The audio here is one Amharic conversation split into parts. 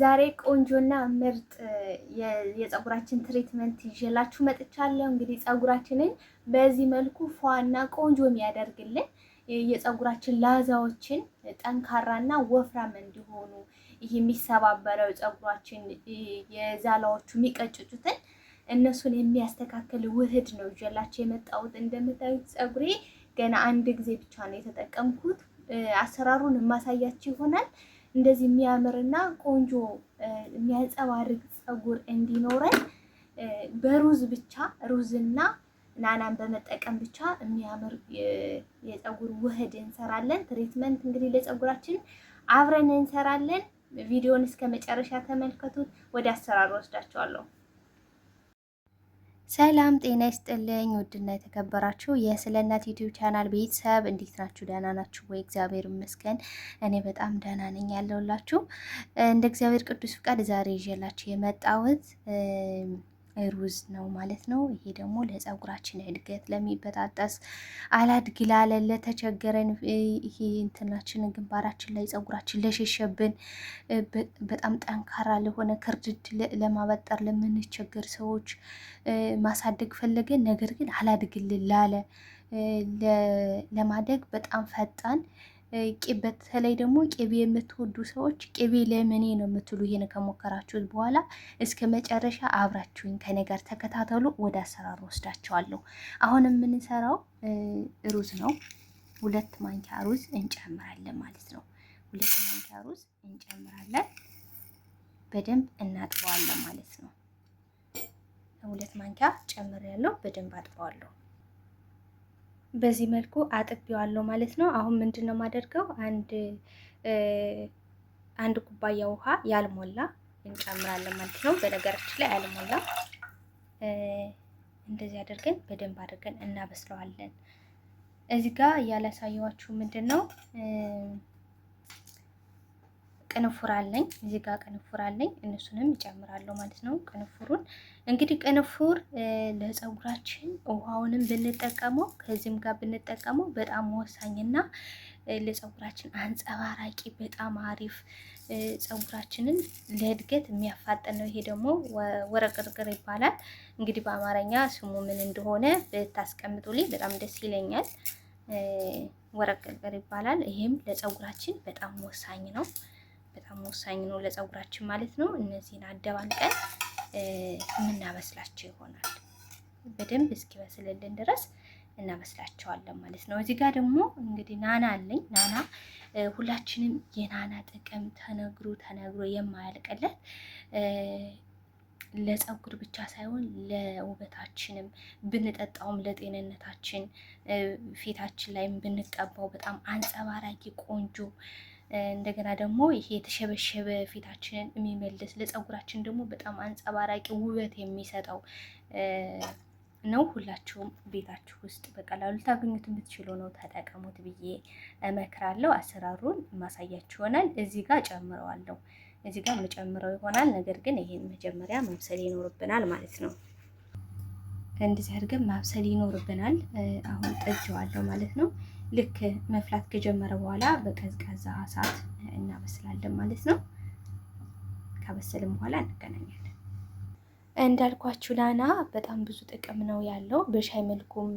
ዛሬ ቆንጆና ምርጥ የፀጉራችን ትሪትመንት ይዤላችሁ መጥቻለሁ። እንግዲህ ፀጉራችንን በዚህ መልኩ ፏና ቆንጆ የሚያደርግልን የፀጉራችን ላዛዎችን ጠንካራና ወፍራም እንዲሆኑ ይህ የሚሰባበረው ፀጉራችን የዛላዎቹ የሚቀጭጩትን እነሱን የሚያስተካክል ውህድ ነው ይዤላችሁ የመጣሁት። እንደምታዩት ፀጉሬ ገና አንድ ጊዜ ብቻ ነው የተጠቀምኩት። አሰራሩን የማሳያችሁ ይሆናል። እንደዚህ የሚያምርና ቆንጆ የሚያንጸባርቅ ፀጉር እንዲኖረን በሩዝ ብቻ ሩዝና ናናን በመጠቀም ብቻ የሚያምር የፀጉር ውህድ እንሰራለን። ትሪትመንት እንግዲህ ለፀጉራችን አብረን እንሰራለን። ቪዲዮን እስከ መጨረሻ ተመልከቱት። ወደ አሰራር ወስዳቸዋለሁ። ሰላም ጤና ይስጥልኝ። ውድና የተከበራችሁ የስለ እናት ዩቲዩብ ቻናል ቤተሰብ እንዴት ናችሁ? ደህና ናችሁ ወይ? እግዚአብሔር ይመስገን እኔ በጣም ደህና ነኝ ያለውላችሁ እንደ እግዚአብሔር ቅዱስ ፍቃድ ዛሬ ይዤላችሁ የመጣሁት ሩዝ ነው ማለት ነው። ይሄ ደግሞ ለፀጉራችን እድገት ለሚበጣጠስ አላድግ ላለ ለተቸገረን፣ ይሄ እንትናችን ግንባራችን ላይ ፀጉራችን ለሸሸብን፣ በጣም ጠንካራ ለሆነ ክርድድ ለማበጠር ለምንቸገር ሰዎች ማሳደግ ፈለገን ነገር ግን አላድግልን ላለ ለማደግ በጣም ፈጣን በተለይ ደግሞ ቅቤ የምትወዱ ሰዎች ቅቤ ለምኔ ነው የምትሉ ይሄን ከሞከራችሁት በኋላ እስከ መጨረሻ አብራችሁኝ ከነገር ተከታተሉ። ወደ አሰራር ወስዳቸዋለሁ። አሁን የምንሰራው ሩዝ ነው። ሁለት ማንኪያ ሩዝ እንጨምራለን ማለት ነው። ሁለት ማንኪያ ሩዝ እንጨምራለን። በደንብ እናጥበዋለን ማለት ነው። ሁለት ማንኪያ ያለው በደንብ አጥበዋለሁ። በዚህ መልኩ አጥቢዋለሁ ማለት ነው። አሁን ምንድን ነው የማደርገው? አንድ አንድ ኩባያ ውሃ ያልሞላ እንጨምራለን ማለት ነው። በነገራችን ላይ ያልሞላ እንደዚህ አድርገን በደንብ አድርገን እናበስለዋለን። እዚህ ጋር ያላሳየዋችሁ ምንድን ነው ቅንፉር አለኝ እዚህ ጋር ቅንፉር አለኝ። እነሱንም እጨምራለሁ ማለት ነው። ቅንፉሩን እንግዲህ ቅንፉር ለፀጉራችን ውሃውንም ብንጠቀመው ከዚህም ጋር ብንጠቀመው በጣም ወሳኝና ለፀጉራችን አንጸባራቂ በጣም አሪፍ ፀጉራችንን ለእድገት የሚያፋጥን ነው። ይሄ ደግሞ ወረቅርቅር ይባላል። እንግዲህ በአማርኛ ስሙ ምን እንደሆነ ብታስቀምጡልኝ በጣም ደስ ይለኛል። ወረቅርቅር ይባላል። ይህም ለፀጉራችን በጣም ወሳኝ ነው። በጣም ወሳኝ ነው ለፀጉራችን ማለት ነው። እነዚህን አደባልቀን የምናበስላቸው ይሆናል። በደንብ እስኪበስልልን ድረስ እናበስላቸዋለን ማለት ነው። እዚህ ጋር ደግሞ እንግዲህ ናና አለኝ። ናና ሁላችንም የናና ጥቅም ተነግሮ ተነግሮ የማያልቅለት ለፀጉር ብቻ ሳይሆን ለውበታችንም ብንጠጣውም ለጤንነታችን ፊታችን ላይም ብንቀባው በጣም አንጸባራቂ ቆንጆ እንደገና ደግሞ ይሄ የተሸበሸበ ፊታችንን የሚመልስ ለፀጉራችን ደግሞ በጣም አንጸባራቂ ውበት የሚሰጠው ነው። ሁላችሁም ቤታችሁ ውስጥ በቀላሉ ልታገኙት የምትችሉ ነው፣ ተጠቀሙት ብዬ እመክራለሁ። አሰራሩን ማሳያችሁ ይሆናል። እዚህ ጋር ጨምረዋለሁ፣ እዚህ ጋር መጨምረው ይሆናል። ነገር ግን ይሄን መጀመሪያ መብሰል ይኖርብናል ማለት ነው። እንደዚህ አድርገን ማብሰል ይኖርብናል። አሁን ጠጅዋለሁ ማለት ነው። ልክ መፍላት ከጀመረ በኋላ በቀዝቃዛ እሳት እናበስላለን ማለት ነው። ከበሰልም በኋላ እንገናኛለን። እንዳልኳችሁ ላና በጣም ብዙ ጥቅም ነው ያለው። በሻይ መልኩም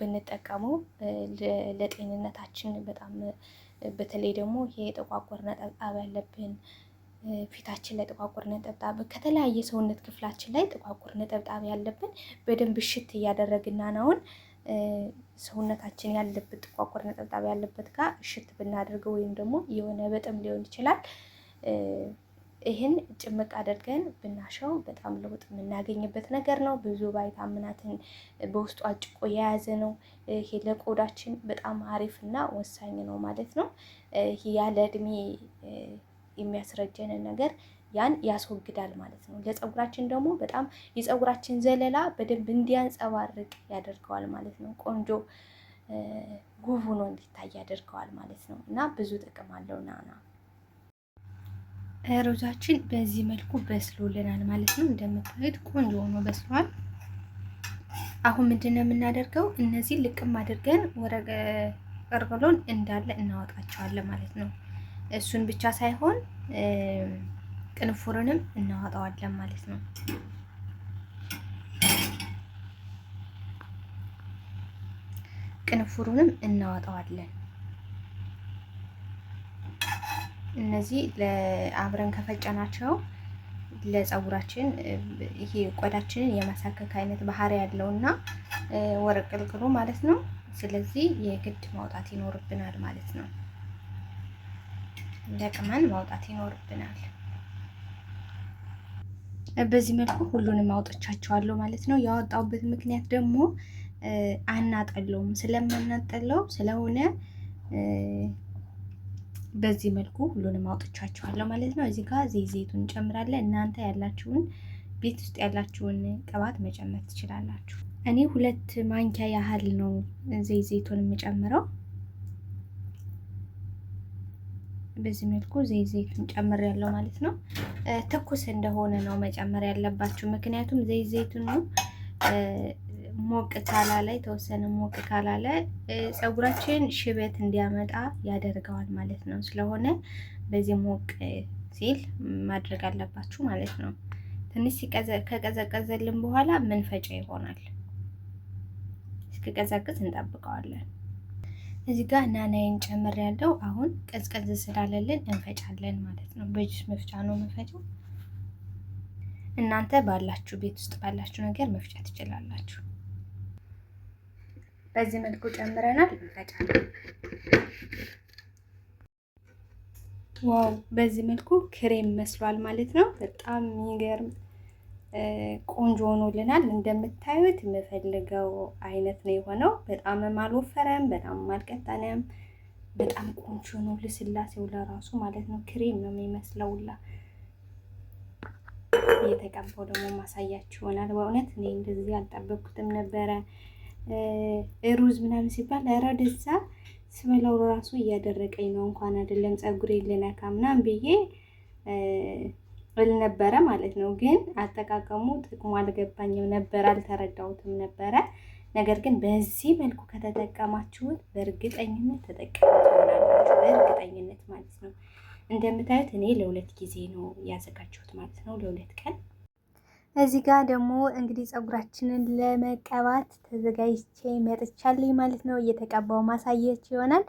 ብንጠቀመው ለጤንነታችን በጣም በተለይ ደግሞ ይሄ የጠቋቆር ነጠብጣብ ያለብን ፊታችን ላይ ጥቋቁር ነጠብጣብ ከተለያየ ሰውነት ክፍላችን ላይ ጥቋቁር ነጠብጣብ ያለብን በደንብ ሽት እያደረግን ሰውነታችን ያለበት ጥቋቁር ነጠብጣብ ያለበት ጋር እሽት ብናደርገው ወይም ደግሞ የሆነ በጥም ሊሆን ይችላል ይህን ጭምቅ አድርገን ብናሸው በጣም ለውጥ የምናገኝበት ነገር ነው። ብዙ ቫይታሚናትን በውስጡ አጭቆ የያዘ ነው። ይሄ ለቆዳችን በጣም አሪፍ እና ወሳኝ ነው ማለት ነው። ይህ ያለ እድሜ የሚያስረጀንን ነገር ያን ያስወግዳል ማለት ነው። ለፀጉራችን ደግሞ በጣም የፀጉራችን ዘለላ በደንብ እንዲያንጸባርቅ ያደርገዋል ማለት ነው። ቆንጆ ውብ ሆኖ እንዲታይ ያደርገዋል ማለት ነው እና ብዙ ጥቅም አለው ናና ሮዛችን በዚህ መልኩ በስሎልናል ማለት ነው። እንደምታዩት ቆንጆ ሆኖ በስሏል። አሁን ምንድን ነው የምናደርገው? እነዚህ ልቅም አድርገን ወረቀ እንዳለ እናወጣቸዋለን ማለት ነው። እሱን ብቻ ሳይሆን ቅንፉርንም እናወጣዋለን ማለት ነው። ቅንፉሩንም እናወጣዋለን። እነዚህ አብረን ከፈጨናቸው ለፀጉራችን ይሄ ቆዳችንን የማሳከክ አይነት ባህሪ ያለውና ወረቅ ቅልቅሉ ማለት ነው። ስለዚህ የግድ ማውጣት ይኖርብናል ማለት ነው። ለቅመን ማውጣት ይኖርብናል። በዚህ መልኩ ሁሉንም አውጥቻቸዋለሁ ማለት ነው። ያወጣሁበት ምክንያት ደግሞ አናጠለውም ስለማናጠለው ስለሆነ በዚህ መልኩ ሁሉንም አውጥቻቸዋለሁ ማለት ነው። እዚህ ጋር ዘይት ዘይቱን እንጨምራለን። እናንተ ያላችሁን ቤት ውስጥ ያላችሁን ቅባት መጨመር ትችላላችሁ። እኔ ሁለት ማንኪያ ያህል ነው ዘይት ዘይቱን የምጨምረው። በዚህ መልኩ ዘይት ዘይቱን ጨምር ያለው ማለት ነው። ትኩስ እንደሆነ ነው መጨመር ያለባችሁ። ምክንያቱም ዘይት ዘይቱን ሞቅ ካላለ የተወሰነ ሞቅ ካላለ ፀጉራችን ሽበት እንዲያመጣ ያደርገዋል ማለት ነው። ስለሆነ በዚህ ሞቅ ሲል ማድረግ አለባችሁ ማለት ነው። ትንሽ ከቀዘቀዘልን በኋላ ምንፈጫ ይሆናል። እስከ እንጠብቀዋለን። እዚህ ጋር ናናይን ጨምር ያለው አሁን ቀዝቀዝ ስላለልን እንፈጫለን ማለት ነው። በጁስ መፍጫ ነው የምንፈጨው። እናንተ ባላችሁ ቤት ውስጥ ባላችሁ ነገር መፍጫ ትችላላችሁ። በዚህ መልኩ ጨምረናል እንፈጫለን። ዋው! በዚህ መልኩ ክሬም መስሏል ማለት ነው። በጣም የሚገርም ቆንጆ ሆኖልናል። እንደምታዩት የምፈልገው አይነት ነው የሆነው። በጣምም አልወፈረም፣ በጣም አልቀጠነም። በጣም ቆንጆ ነው። ልስላሴው ለራሱ ማለት ነው ክሬም ነው የሚመስለውላ። እየተቀባው ደግሞ ማሳያችሁ ይሆናል። በእውነት እኔ እንደዚህ አልጠበኩትም ነበረ። ሩዝ ምናምን ሲባል ኧረ ደዛ ስበላው ራሱ እያደረቀኝ ነው እንኳን አይደለም ፀጉሬን ልነካ ምናምን ብዬ እል ነበረ ማለት ነው። ግን አጠቃቀሙ ጥቅሙ አልገባኝም ነበር፣ አልተረዳሁትም ነበረ። ነገር ግን በዚህ መልኩ ከተጠቀማችሁት በእርግጠኝነት ተጠቀማችሁ በእርግጠኝነት ማለት ነው። እንደምታዩት እኔ ለሁለት ጊዜ ነው ያዘጋጀሁት ማለት ነው፣ ለሁለት ቀን። እዚህ ጋር ደግሞ እንግዲህ ፀጉራችንን ለመቀባት ተዘጋጅቼ መጥቻለሁ ማለት ነው። እየተቀባው ማሳየት ይሆናል።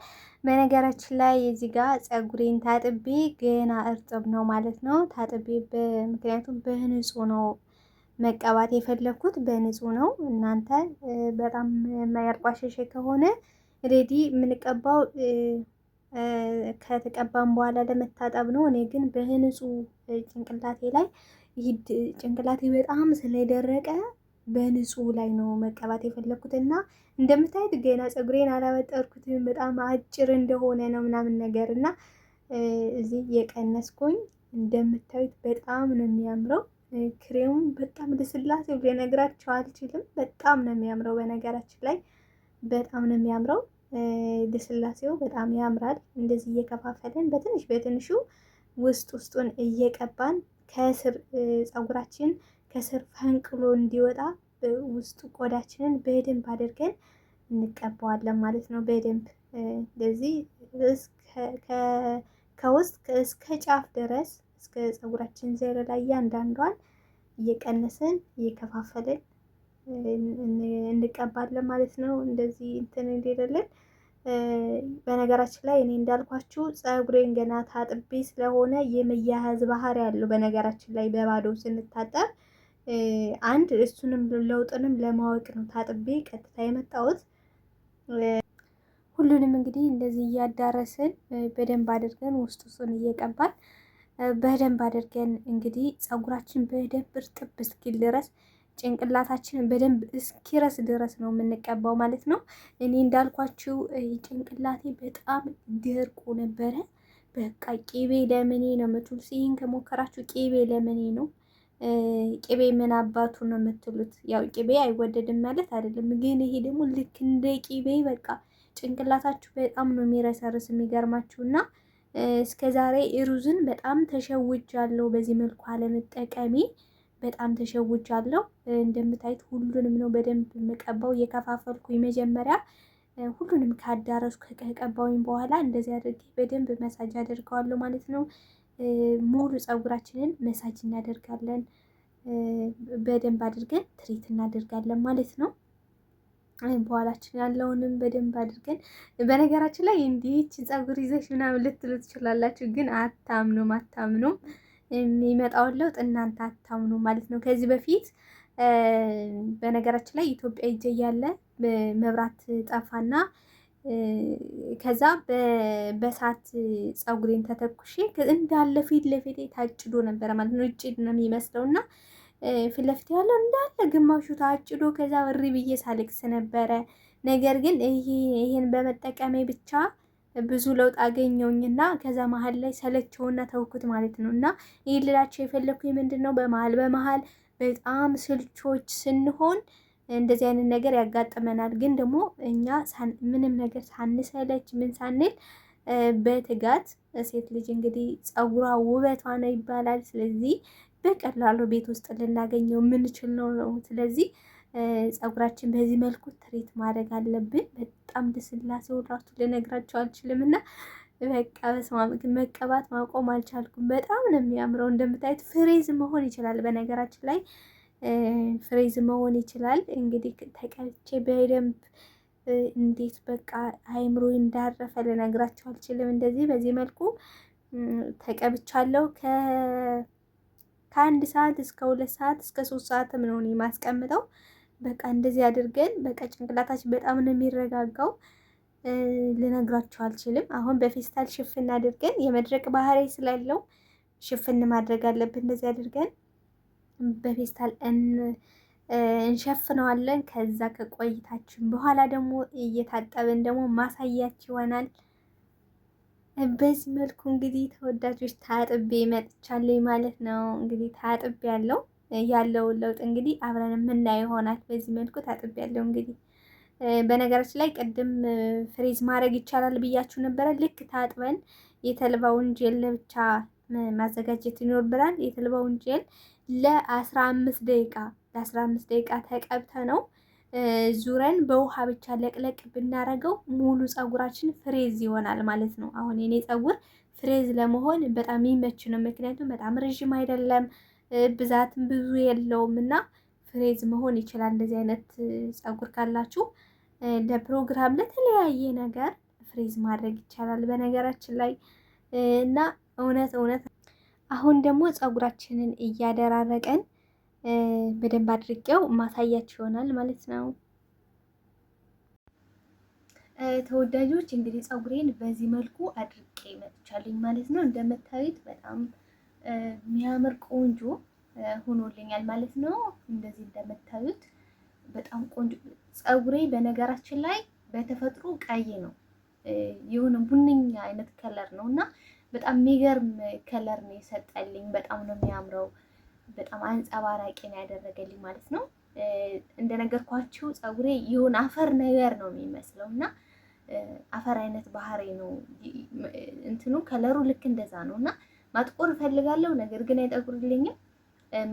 በነገራችን ላይ እዚህ ጋር ፀጉሬን ታጥቤ ገና እርጥብ ነው ማለት ነው። ታጥቤ ምክንያቱም በንጹህ ነው መቀባት የፈለኩት በንጹህ ነው። እናንተ በጣም የማያቋሸሸ ከሆነ ሬዲ የምንቀባው ከተቀባም በኋላ ለመታጠብ ነው። እኔ ግን በንጹህ ጭንቅላቴ ላይ ጭንቅላቴ በጣም ስለደረቀ በንጹህ ላይ ነው መቀባት የፈለግኩት እና እንደምታዩት ገና ፀጉሬን አላበጠርኩትም። በጣም አጭር እንደሆነ ነው ምናምን ነገር እና እዚህ የቀነስኩኝ እንደምታዩት በጣም ነው የሚያምረው። ክሬሙ በጣም ልስላሴ ሊነግራቸው አልችልም። በጣም ነው የሚያምረው። በነገራችን ላይ በጣም ነው የሚያምረው። ልስላሴው በጣም ያምራል። እንደዚህ እየከፋፈልን በትንሽ በትንሹ ውስጥ ውስጡን እየቀባን ከስር ፀጉራችን ከስር ፈንቅሎ እንዲወጣ ውስጡ ቆዳችንን በደንብ አድርገን እንቀባዋለን ማለት ነው። በደንብ እንደዚህ ከውስጥ እስከ ጫፍ ድረስ እስከ ፀጉራችን ላይ እያንዳንዷን እየቀነስን እየከፋፈልን እንቀባለን ማለት ነው። እንደዚህ እንትን እንዲልልን። በነገራችን ላይ እኔ እንዳልኳችሁ ፀጉሬን ገና ታጥቤ ስለሆነ የመያያዝ ባህሪ ያለው በነገራችን ላይ በባዶ ስንታጠብ አንድ እሱንም ለውጥንም ለማወቅ ነው ታጥቤ ቀጥታ የመጣሁት። ሁሉንም እንግዲህ እንደዚህ እያዳረስን በደንብ አድርገን ውስጥ ውስጡን እየቀባን በደንብ አድርገን እንግዲህ ፀጉራችን በደንብ እርጥብ እስኪል ድረስ ጭንቅላታችንን በደንብ እስኪረስ ድረስ ነው የምንቀባው ማለት ነው። እኔ እንዳልኳችሁ ጭንቅላቴ በጣም ደርቆ ነበረ። በቃ ቄቤ ለምኔ ነው ምትል። ይህን ከሞከራችሁ ቄቤ ለምኔ ነው ቅቤ ምን አባቱ ነው የምትሉት? ያው ቅቤ አይወደድም ማለት አይደለም፣ ግን ይሄ ደግሞ ልክ እንደ ቅቤ በቃ ጭንቅላታችሁ በጣም ነው የሚረሰርስ። የሚገርማችሁ እና እስከ ዛሬ ሩዝን በጣም ተሸውጃለሁ። በዚህ መልኩ አለመጠቀሜ በጣም ተሸውጃለሁ። እንደምታዩት ሁሉንም ነው በደንብ የምቀባው የከፋፈልኩ መጀመሪያ ሁሉንም ካዳረሱ ከቀባውኝ በኋላ እንደዚህ አድርጌ በደንብ መሳጅ አድርገዋለሁ ማለት ነው። ሙሉ ፀጉራችንን መሳጅ እናደርጋለን። በደንብ አድርገን ትሪት እናደርጋለን ማለት ነው። በኋላችን ያለውንም በደንብ አድርገን በነገራችን ላይ እንዲች ፀጉር ይዘሽ ምናምን ልትሉ ትችላላችሁ፣ ግን አታምኑም አታምኑም የሚመጣውን ለውጥ እናንተ አታምኑ ማለት ነው። ከዚህ በፊት በነገራችን ላይ ኢትዮጵያ ይጀያለ መብራት ጠፋና ከዛ በሳት ፀጉሬን ተተኩሼ እንዳለ ፊት ለፊቴ ታጭዶ ነበረ ማለት ነው። እጭድ ነው የሚመስለው እና ፊት ለፊቴ ያለው እንዳለ ግማሹ ታጭዶ ከዛ እሪ ብዬ ሳልቅስ ነበረ። ነገር ግን ይሄን በመጠቀሜ ብቻ ብዙ ለውጥ አገኘውኝና ከዛ መሀል ላይ ሰለቸውና ተውኩት ማለት ነው። እና ይህ ልላቸው የፈለግኩ ምንድን ነው በመሀል በመሀል በጣም ስልቾች ስንሆን እንደዚህ አይነት ነገር ያጋጥመናል። ግን ደግሞ እኛ ምንም ነገር ሳንሰለች ምን ሳንል በትጋት ሴት ልጅ እንግዲህ ጸጉሯ ውበቷ ነው ይባላል። ስለዚህ በቀላሉ ቤት ውስጥ ልናገኘው የምንችል ነው ነው። ስለዚህ ጸጉራችን በዚህ መልኩ ትሬት ማድረግ አለብን። በጣም ልስላሴው ራሱ ልነግራቸው አልችልም እና በቃ በስመ መቀባት ማቆም አልቻልኩም። በጣም ነው የሚያምረው እንደምታዩት። ፍሬዝ መሆን ይችላል በነገራችን ላይ ፍሬዝ መሆን ይችላል። እንግዲህ ተቀልቼ በደንብ እንዴት በቃ አይምሮ እንዳረፈ ልነግራቸው አልችልም። እንደዚህ በዚህ መልኩ ተቀብቻለሁ። ከአንድ ሰዓት እስከ ሁለት ሰዓት እስከ ሶስት ሰዓትም ነው እኔ የማስቀምጠው። በቃ እንደዚህ አድርገን በቃ ጭንቅላታችን በጣም ነው የሚረጋጋው። ልነግራቸው አልችልም። አሁን በፌስታል ሽፍን አድርገን የመድረቅ ባህሪ ስላለው ሽፍን ማድረግ አለብን። እንደዚህ አድርገን በፌስታል እንሸፍነዋለን። ከዛ ከቆይታችን በኋላ ደግሞ እየታጠብን ደግሞ ማሳያች ይሆናል። በዚህ መልኩ እንግዲህ ተወዳጆች ታጥቤ መጥቻለሁ ማለት ነው። እንግዲህ ታጥቤ ያለው ያለውን ለውጥ እንግዲህ አብረን የምናየው ይሆናል። በዚህ መልኩ ታጥቤ ያለው እንግዲህ በነገራችን ላይ ቅድም ፍሬዝ ማድረግ ይቻላል ብያችሁ ነበረ። ልክ ታጥበን የተልባውን ጄል ለብቻ ማዘጋጀት ይኖርብናል። የተልባውን ጄል ለአስራ አምስት ደቂቃ ለአስራ አምስት ደቂቃ ተቀብተ ነው ዙረን በውሃ ብቻ ለቅለቅ ብናረገው ሙሉ ፀጉራችን ፍሬዝ ይሆናል ማለት ነው። አሁን የኔ ፀጉር ፍሬዝ ለመሆን በጣም የሚመች ነው። ምክንያቱም በጣም ረዥም አይደለም፣ ብዛትም ብዙ የለውም እና ፍሬዝ መሆን ይችላል። እንደዚህ አይነት ፀጉር ካላችሁ ለፕሮግራም፣ ለተለያየ ነገር ፍሬዝ ማድረግ ይቻላል በነገራችን ላይ እና እውነት እውነት አሁን ደግሞ ፀጉራችንን እያደራረቀን በደንብ አድርጌው ማሳያችሁ ይሆናል ማለት ነው። ተወዳጆች እንግዲህ ፀጉሬን በዚህ መልኩ አድርቄ መጥቻለኝ ማለት ነው። እንደምታዩት በጣም የሚያምር ቆንጆ ሆኖልኛል ማለት ነው። እንደዚህ እንደምታዩት በጣም ቆንጆ ፀጉሬ፣ በነገራችን ላይ በተፈጥሮ ቀይ ነው፣ የሆነ ቡንኛ አይነት ከለር ነው እና በጣም የሚገርም ከለር ነው የሰጠልኝ። በጣም ነው የሚያምረው። በጣም አንጸባራቂ ነው ያደረገልኝ ማለት ነው። እንደነገርኳችሁ ፀጉሬ ይሁን አፈር ነገር ነው የሚመስለው እና አፈር አይነት ባህሪ ነው እንትኑ ከለሩ ልክ እንደዛ ነው እና ማጥቆር እፈልጋለሁ፣ ነገር ግን አይጠቁርልኝም።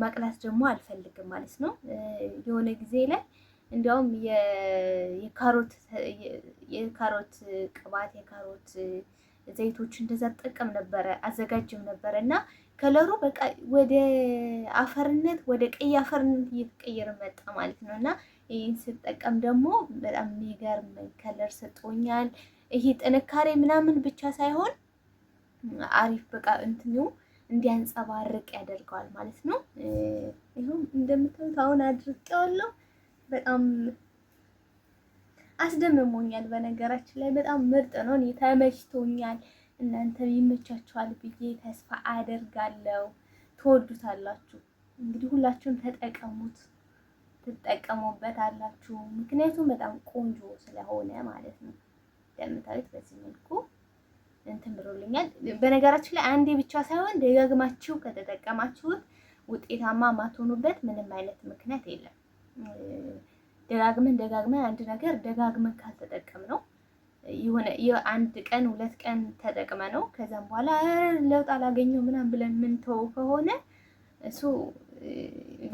መቅላት ደግሞ አልፈልግም ማለት ነው። የሆነ ጊዜ ላይ እንዲያውም የካሮት የካሮት ቅባት የካሮት ዘይቶች እንደዛ ጠቀም ነበረ አዘጋጅም ነበረ እና ከለሩ በቃ ወደ አፈርነት ወደ ቀይ አፈርነት እየተቀየረ መጣ ማለት ነው። እና ይህን ስጠቀም ደግሞ በጣም የሚገርም ከለር ሰጥቶኛል። ይሄ ጥንካሬ ምናምን ብቻ ሳይሆን አሪፍ በቃ እንትኑ እንዲያንጸባርቅ ያደርገዋል ማለት ነው። ይሁም እንደምታዩት አሁን አድርቄዋለሁ በጣም አስደምሞኛል። በነገራችን ላይ በጣም ምርጥ ነው። እኔ ተመችቶኛል። እናንተ ይመቻችኋል ብዬ ተስፋ አደርጋለሁ። ትወዱታላችሁ። እንግዲህ ሁላችሁም ተጠቀሙት፣ ትጠቀሙበታላችሁ። ምክንያቱም በጣም ቆንጆ ስለሆነ ማለት ነው። እንደምታዩት በዚህ መልኩ እንትን ብሎልኛል። በነገራችን ላይ አንዴ ብቻ ሳይሆን ደጋግማችሁ ከተጠቀማችሁት ውጤታማ ማትሆኑበት ምንም አይነት ምክንያት የለም። ደጋግመን ደጋግመን አንድ ነገር ደጋግመን ካልተጠቀም ነው የሆነ የአንድ ቀን ሁለት ቀን ተጠቅመ ነው ከዛም በኋላ ለውጥ አላገኘው ምናምን ብለን ምንተው ከሆነ እሱ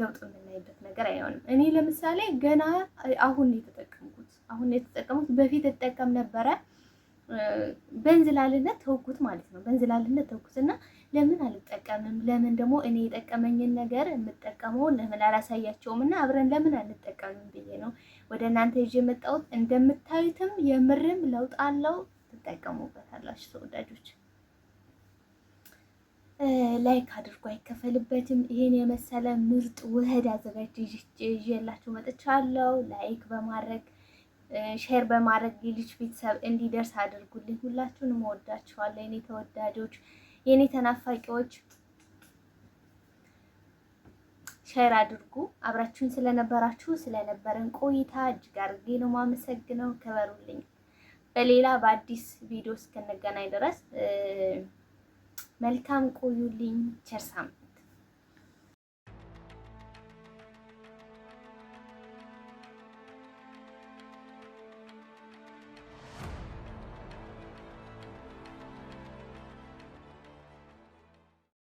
ለውጥ የምናይበት ነገር አይሆንም። እኔ ለምሳሌ ገና አሁን የተጠቀምኩት አሁን የተጠቀምኩት በፊት የተጠቀም ነበረ። በንዝላልነት ተውኩት ማለት ነው። በንዝላልነት ተውኩትና ለምን አልጠቀምም? ለምን ደግሞ እኔ የጠቀመኝን ነገር የምጠቀመውን ለምን አላሳያቸውም? እና አብረን ለምን አንጠቀምም ብዬ ነው ወደ እናንተ ይዤ የመጣሁት። እንደምታዩትም የምርም ለውጥ አለው፣ ትጠቀሙበታላችሁ ተወዳጆች። ላይክ አድርጎ አይከፈልበትም። ይሄን የመሰለ ምርጥ ውህድ አዘጋጅቼ ይዤላችሁ መጥቻለሁ። ላይክ በማድረግ ሼር በማድረግ የልጅ ቤተሰብ እንዲደርስ አድርጉልኝ። ሁላችሁንም እወዳችኋለሁ የኔ ተወዳጆች። የኔ ተናፋቂዎች ሼር አድርጉ። አብራችሁን ስለነበራችሁ ስለነበረን ቆይታ እጅግ አድርጌ ነው ማመሰግነው። ክበሩልኝ። በሌላ በአዲስ ቪዲዮ እስክንገናኝ ድረስ መልካም ቆዩልኝ። ቸርሳም